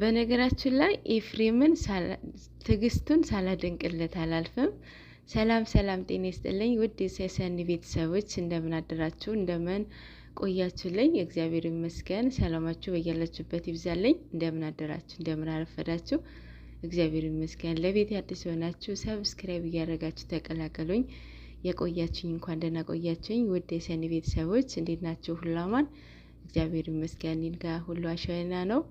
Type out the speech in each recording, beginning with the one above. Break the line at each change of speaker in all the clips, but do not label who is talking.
በነገራችን ላይ ኤፍሬምን ትዕግስቱን ሳላደንቅለት አላልፍም። ሰላም ሰላም፣ ጤና ይስጥልኝ ውድ የሰሰን ቤተሰቦች እንደምን አደራችሁ? እንደምን ቆያችሁልኝ? እግዚአብሔር ይመስገን። ሰላማችሁ በያላችሁበት ይብዛልኝ። እንደምን አደራችሁ? እንደምን አረፈዳችሁ? እግዚአብሔር ይመስገን። ለቤት አዲስ የሆናችሁ ሰብስክራይብ እያደረጋችሁ ተቀላቀሉኝ። የቆያችሁኝ እንኳን ደህና ቆያችሁኝ። ውድ የሰኒ ቤተሰቦች እንዴት ናችሁ? ሁላማን እግዚአብሔር ይመስገን። እኔ ጋ ሁሉ አሸና ነው።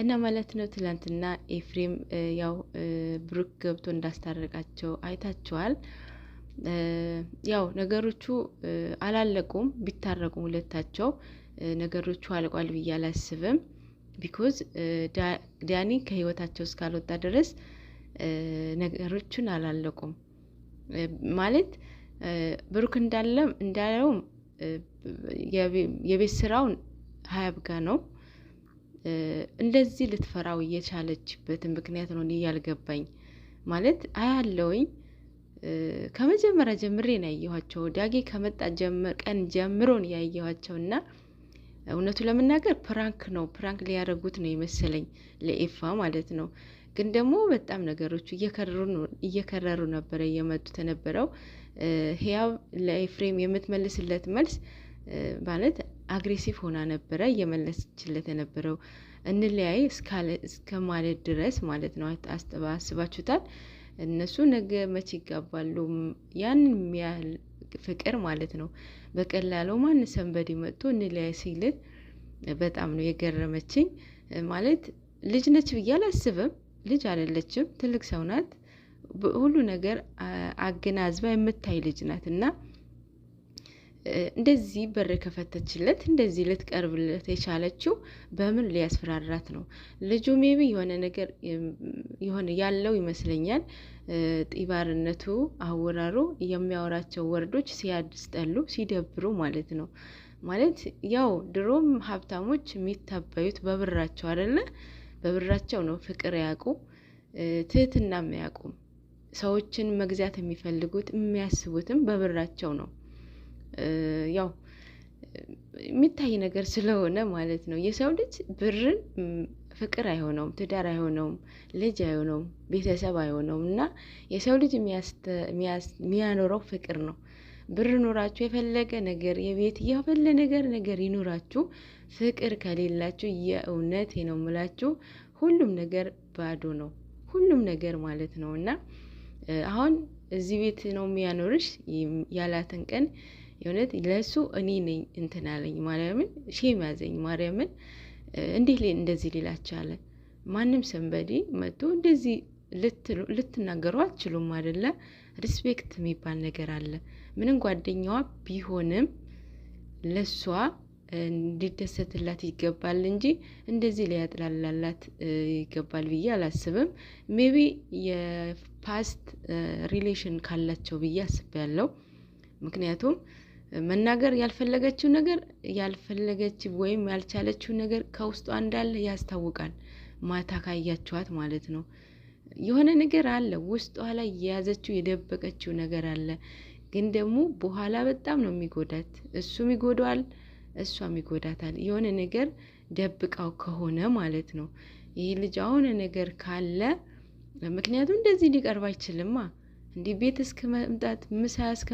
እና ማለት ነው ትላንትና ኤፍሬም ያው ብሩክ ገብቶ እንዳስታረቃቸው አይታችኋል። ያው ነገሮቹ አላለቁም። ቢታረቁም ሁለታቸው ነገሮቹ አልቋል ብዬ አላስብም። ቢኮዝ ዳኒ ከህይወታቸው እስካልወጣ ድረስ ነገሮቹን አላለቁም ማለት ብሩክ እንዳለም እንዳለውም የቤት ስራውን ሀያብጋ ነው እንደዚህ ልትፈራው እየቻለችበት ምክንያት ነው እኔ ያልገባኝ። ማለት አያለውኝ ከመጀመሪያ ጀምሬ ነው ያየኋቸው። ዳጌ ከመጣ ቀን ጀምሮ ነው ያየኋቸው እና እውነቱ ለመናገር ፕራንክ ነው ፕራንክ ሊያደርጉት ነው የመሰለኝ ለኤፋ ማለት ነው። ግን ደግሞ በጣም ነገሮቹ እየከረሩ ነበረ እየመጡት የነበረው ህያብ ለኤፍሬም የምትመልስለት መልስ ማለት አግሬሲቭ ሆና ነበረ እየመለስችለት የነበረው እንለያይ እስከ ማለት ድረስ ማለት ነው። አስባችሁታል? እነሱ ነገ መቼ ይጋባሉ? ያንን የሚያህል ፍቅር ማለት ነው። በቀላሉ ማን ሰንበዴ መጥቶ እንለያይ ሲልን በጣም ነው የገረመችኝ። ማለት ልጅ ነች ብዬ አላስብም። ልጅ አይደለችም፣ ትልቅ ሰው ናት። ሁሉ ነገር አገናዝባ የምታይ ልጅ ናት እና እንደዚህ በር ከፈተችለት እንደዚህ ልትቀርብለት የቻለችው በምን ሊያስፈራራት ነው? ልጁ ሜቢ የሆነ ነገር የሆነ ያለው ይመስለኛል። ጢባርነቱ፣ አወራሩ፣ የሚያወራቸው ወርዶች ሲያስጠሉ፣ ሲደብሩ ማለት ነው። ማለት ያው ድሮም ሀብታሞች የሚታበዩት በብራቸው አደለ? በብራቸው ነው ፍቅር ያውቁ ትህትና የሚያውቁም ሰዎችን መግዛት የሚፈልጉት የሚያስቡትም በብራቸው ነው። ያው የሚታይ ነገር ስለሆነ ማለት ነው። የሰው ልጅ ብርን ፍቅር አይሆነውም፣ ትዳር አይሆነውም፣ ልጅ አይሆነውም፣ ቤተሰብ አይሆነውም። እና የሰው ልጅ የሚያኖረው ፍቅር ነው። ብር ኖራችሁ የፈለገ ነገር የቤት የፈለ ነገር ነገር ይኖራችሁ ፍቅር ከሌላችሁ የእውነት ነው ምላችሁ ሁሉም ነገር ባዶ ነው። ሁሉም ነገር ማለት ነው እና አሁን እዚህ ቤት ነው የሚያኖርሽ ያላትን ቀን የእውነት ለእሱ እኔ ነኝ እንትን አለኝ። ማርያምን ሼም ያዘኝ። ማርያምን እንዴት እንደዚህ ሊላቻለ ማንም ሰንበዴ መጥቶ እንደዚህ ልትናገሩ አትችሉም አይደለ? ሪስፔክት የሚባል ነገር አለ። ምንም ጓደኛዋ ቢሆንም ለእሷ እንዲደሰትላት ይገባል እንጂ እንደዚህ ሊያጥላላላት ይገባል ብዬ አላስብም። ሜቢ የፓስት ሪሌሽን ካላቸው ብዬ ያለው ምክንያቱም መናገር ያልፈለገችው ነገር ያልፈለገች ወይም ያልቻለችው ነገር ከውስጧ እንዳለ ያስታውቃል። ማታ ካያችኋት ማለት ነው። የሆነ ነገር አለ ውስጧ ላይ የያዘችው የደበቀችው ነገር አለ። ግን ደግሞ በኋላ በጣም ነው የሚጎዳት። እሱም ይጎዳዋል፣ እሷም ይጎዳታል። የሆነ ነገር ደብቃው ከሆነ ማለት ነው። ይህ ልጅ የሆነ ነገር ካለ ምክንያቱም እንደዚህ ሊቀርብ አይችልማ እንዲህ ቤት እስከ መምጣት ምሳ እስከ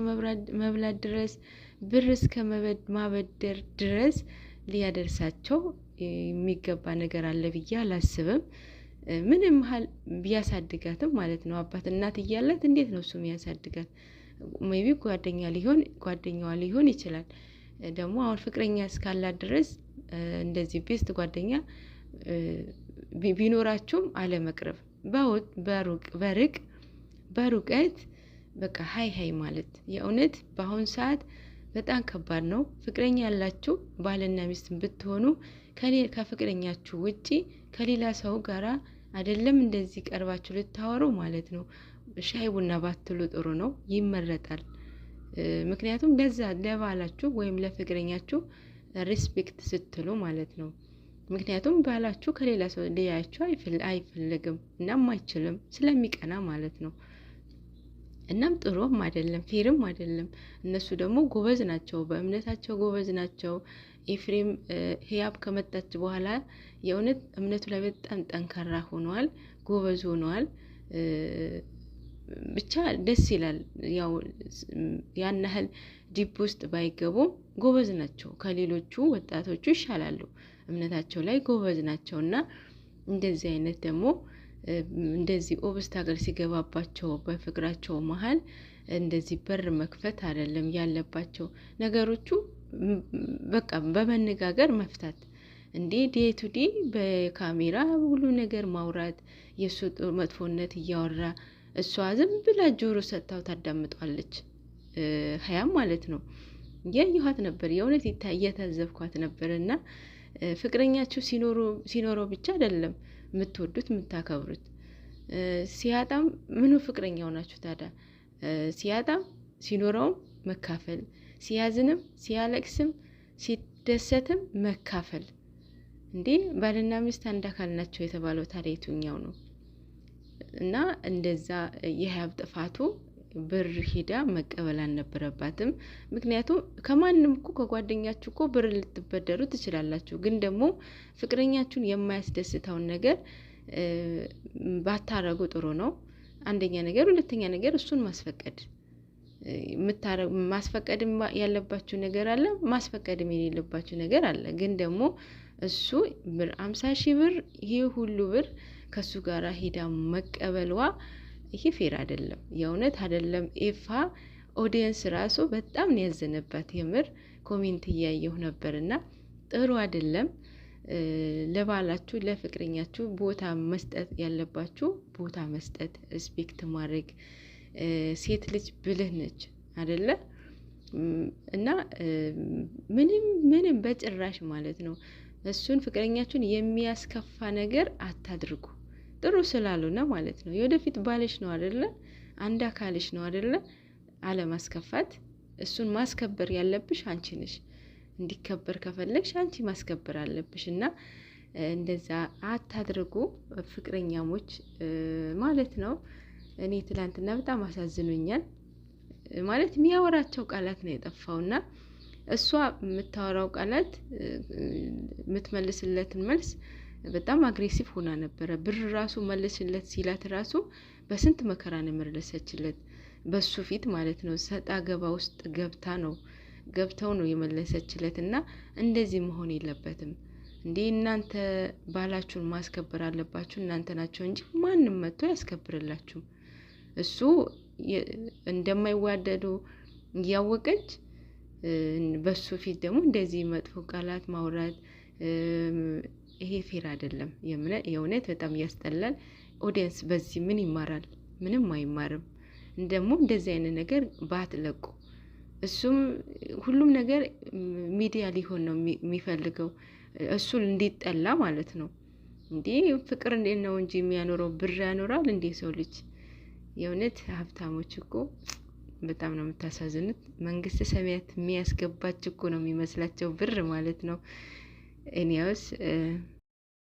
መብላት ድረስ ብር እስከ ማበደር ድረስ ሊያደርሳቸው የሚገባ ነገር አለ ብዬ አላስብም። ምንም ያህል ቢያሳድጋትም ማለት ነው አባት እናት እያላት እንዴት ነው እሱ የሚያሳድጋት? ቢ ጓደኛ ሊሆን ጓደኛዋ ሊሆን ይችላል። ደግሞ አሁን ፍቅረኛ እስካላት ድረስ እንደዚህ ቤስት ጓደኛ ቢኖራቸውም አለመቅረብ በሩቅ በሩቀት በቃ ሀይ ሀይ ማለት የእውነት በአሁን ሰዓት በጣም ከባድ ነው። ፍቅረኛ ያላችሁ ባልና ሚስት ብትሆኑ ከፍቅረኛችሁ ውጪ ከሌላ ሰው ጋራ አይደለም እንደዚህ ቀርባችሁ ልታወሩ ማለት ነው። ሻይ ቡና ባትሉ ጥሩ ነው፣ ይመረጣል። ምክንያቱም ለዛ ለባላችሁ ወይም ለፍቅረኛችሁ ሪስፔክት ስትሉ ማለት ነው። ምክንያቱም ባላችሁ ከሌላ ሰው ሊያያችሁ አይፈልግም እና አይችልም ስለሚቀና ማለት ነው። እናም ጥሩም አይደለም ፌርም አይደለም። እነሱ ደግሞ ጎበዝ ናቸው፣ በእምነታቸው ጎበዝ ናቸው። ኤፍሬም ህያብ ከመጣች በኋላ የእውነት እምነቱ ላይ በጣም ጠንካራ ሆነዋል፣ ጎበዝ ሆነዋል። ብቻ ደስ ይላል። ያው ያን ያህል ዲፕ ውስጥ ባይገቡም ጎበዝ ናቸው፣ ከሌሎቹ ወጣቶቹ ይሻላሉ። እምነታቸው ላይ ጎበዝ ናቸው እና እንደዚህ አይነት ደግሞ እንደዚህ ኦብስት ሀገር ሲገባባቸው በፍቅራቸው መሀል እንደዚህ በር መክፈት አይደለም ያለባቸው ነገሮቹ በቃ በመነጋገር መፍታት እንዴ ዴይ ቱ ዴይ በካሜራ ሁሉ ነገር ማውራት የእሱ መጥፎነት እያወራ እሷ ዝም ብላ ጆሮ ሰጥታው ታዳምጧለች። ሀያም ማለት ነው ያየኋት ነበር፣ የእውነት እየታዘብኳት ነበር። እና ፍቅረኛችሁ ሲኖረው ብቻ አይደለም የምትወዱት የምታከብሩት። ሲያጣም ምኑ ፍቅረኛ ናችሁ ታዲያ? ሲያጣም ሲኖረውም መካፈል፣ ሲያዝንም ሲያለቅስም ሲደሰትም መካፈል። እንዴ ባልና ሚስት አንድ አካል ናቸው የተባለው ታዲያ የቱኛው ነው? እና እንደዛ የሀያብ ጥፋቱ ብር ሄዳ መቀበል አልነበረባትም። ምክንያቱም ከማንም እኮ ከጓደኛችሁ እኮ ብር ልትበደሩ ትችላላችሁ። ግን ደግሞ ፍቅረኛችሁን የማያስደስተውን ነገር ባታረጉ ጥሩ ነው። አንደኛ ነገር፣ ሁለተኛ ነገር እሱን ማስፈቀድ ማስፈቀድም ያለባችሁ ነገር አለ፣ ማስፈቀድም የሌለባችሁ ነገር አለ። ግን ደግሞ እሱ ብር አምሳ ሺህ ብር ይህ ሁሉ ብር ከእሱ ጋር ሄዳ መቀበልዋ ይሄ ፌር አይደለም፣ የእውነት አይደለም። ኤፋ ኦዲየንስ ራሱ በጣም ነው ያዘነባት። የምር ኮሜንት እያየሁ ነበር እና ጥሩ አይደለም። ለባላችሁ ለፍቅረኛችሁ ቦታ መስጠት ያለባችሁ ቦታ መስጠት፣ ሪስፔክት ማድረግ። ሴት ልጅ ብልህ ነች አደለ? እና ምንም ምንም በጭራሽ ማለት ነው እሱን ፍቅረኛችሁን የሚያስከፋ ነገር አታድርጉ። ጥሩ ስላልሆነ ማለት ነው። የወደፊት ባልሽ ነው አደለ? አንድ አካልሽ ነው አደለ? አለማስከፋት እሱን ማስከበር ያለብሽ አንቺ ነሽ። እንዲከበር ከፈለግሽ አንቺ ማስከበር አለብሽ። እና እንደዛ አታድርጉ ፍቅረኛሞች ማለት ነው። እኔ ትላንትና በጣም አሳዝኖኛል። ማለት የሚያወራቸው ቃላት ነው የጠፋው እና እሷ የምታወራው ቃላት የምትመልስለትን መልስ በጣም አግሬሲቭ ሆና ነበረ። ብር ራሱ መለስለት ሲላት ራሱ በስንት መከራ ነው የመለሰችለት፣ በሱ ፊት ማለት ነው። ሰጣ ገባ ውስጥ ገብታ ነው ገብተው ነው የመለሰችለት። እና እንደዚህ መሆን የለበትም እንዴ! እናንተ ባላችሁን ማስከበር አለባችሁ። እናንተ ናቸው እንጂ ማንም መጥቶ ያስከብርላችሁ። እሱ እንደማይዋደዱ እያወቀች በሱ ፊት ደግሞ እንደዚህ መጥፎ ቃላት ማውራት ይሄ ፌር አይደለም። የእውነት በጣም ያስጠላል። ኦዲየንስ በዚህ ምን ይማራል? ምንም አይማርም። ደግሞ እንደዚህ አይነት ነገር ባትለቁ። እሱም ሁሉም ነገር ሚዲያ ሊሆን ነው የሚፈልገው እሱ እንዲጠላ ማለት ነው። እንዴ ፍቅር እንዴት ነው እንጂ የሚያኖረው ብር ያኖራል እንዴ ሰው ልጅ? የእውነት ሀብታሞች እኮ በጣም ነው የምታሳዝኑት። መንግስት ሰማያት የሚያስገባች እኮ ነው የሚመስላቸው ብር ማለት ነው። Eneos. Eh,